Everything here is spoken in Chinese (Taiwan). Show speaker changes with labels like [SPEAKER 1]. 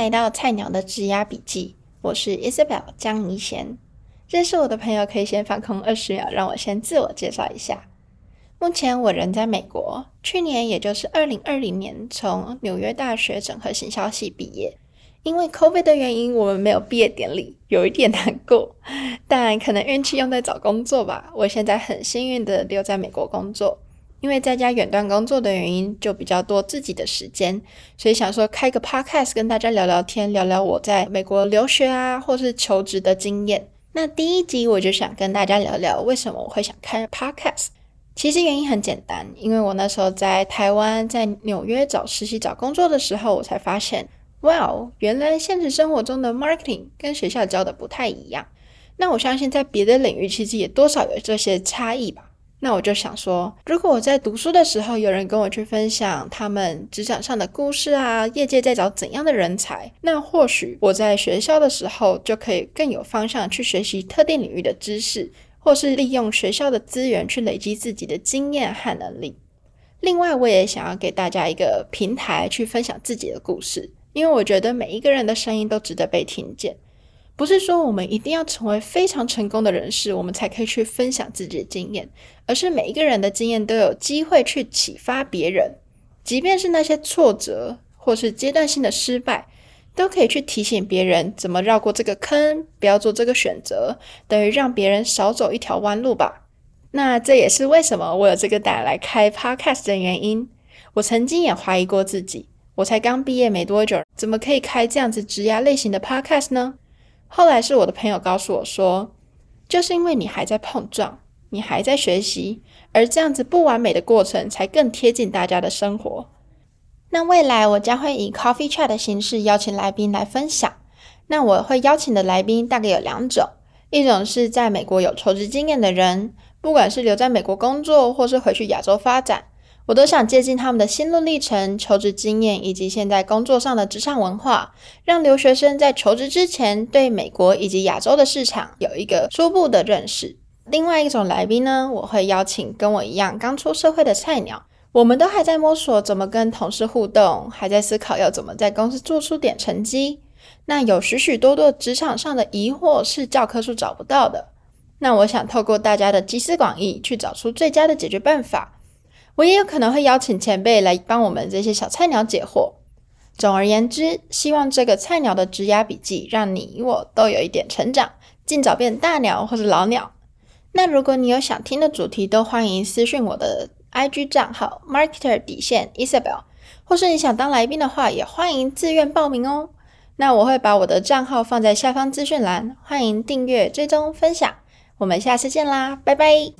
[SPEAKER 1] 來到菜鳥的職涯筆記，我是 Isabel 江怡賢。認識我的朋友可以先放空二十秒，讓我先自我介紹一下。目前我人在美國，去年也就是二零二零年從紐約大學整合行銷系畢業。因為 COVID 的原因，我們沒有畢業典禮，有一點難過。但可能運氣用在找工作吧，我現在很幸運的留在美國工作。因為在家遠端工作的原因，就比較多自己的時間，所以想說開個 podcast 跟大家聊聊天，聊聊我在美國留學啊，或是求職的經驗。那第一集我就想跟大家聊聊為什麼我會想開 podcast。其實原因很簡單，因為我那時候在台灣，在紐約找實習找工作的時候，我才發現，哇，原來現實生活中的 marketing 跟學校教的不太一樣。那我相信在別的領域其實也多少有這些差異吧。那我就想說，如果我在讀書的時候有人跟我去分享他們職場上的故事啊，業界在找怎樣的人才，那或許我在學校的時候就可以更有方向去學習特定領域的知識，或是利用學校的資源去累積自己的經驗和能力。另外，我也想要給大家一個平台去分享自己的故事，因為我覺得每一個人的聲音都值得被聽見。不是說我們一定要成為非常成功的人士，我們才可以去分享自己的經驗，而是每一個人的經驗都有機會去啟發別人，即便是那些挫折或是階段性的失敗，都可以去提醒別人怎麼繞過這個坑，不要做這個選擇，等於讓別人少走一條彎路吧。那這也是為什麼我有這個膽來開 podcast 的原因。我曾經也懷疑過自己，我才剛畢業沒多久，怎麼可以開這樣子職涯類型的 podcast 呢？後來是我的朋友告訴我說，就是因為你還在碰撞，你還在學習，而這樣子不完美的過程才更貼近大家的生活。那未來我將會以 Coffee Chat 的形式邀請來賓來分享。那我會邀請的來賓大概有兩種，一種是在美國有求職經驗的人，不管是留在美國工作，或是回去亞洲發展。我都想借鏡他們的心路歷程、求職經驗以及現在工作上的職場文化，讓留學生在求職之前對美國以及亞洲的市場有一個初步的認識。另外一種來賓呢，我會邀請跟我一樣剛出社會的菜鳥，我們都還在摸索怎麼跟同事互動，還在思考要怎麼在公司做出點成績。那有許許多多職場上的疑惑是教科書找不到的，那我想透過大家的集思廣益，去找出最佳的解決辦法。我也有可能會邀請前輩來幫我們這些小菜鳥解惑。總而言之，希望這個菜鳥的職涯筆記讓你與我都有一點成長，盡早變大鳥或者老鳥。那如果你有想聽的主題，都歡迎私訊我的 IG 賬號 marketer 底線 Isabelle，或是你想當來賓的話，也歡迎自願報名哦。那我會把我的賬號放在下方資訊欄，歡迎訂閱、追蹤、分享。我們下次見啦，拜拜。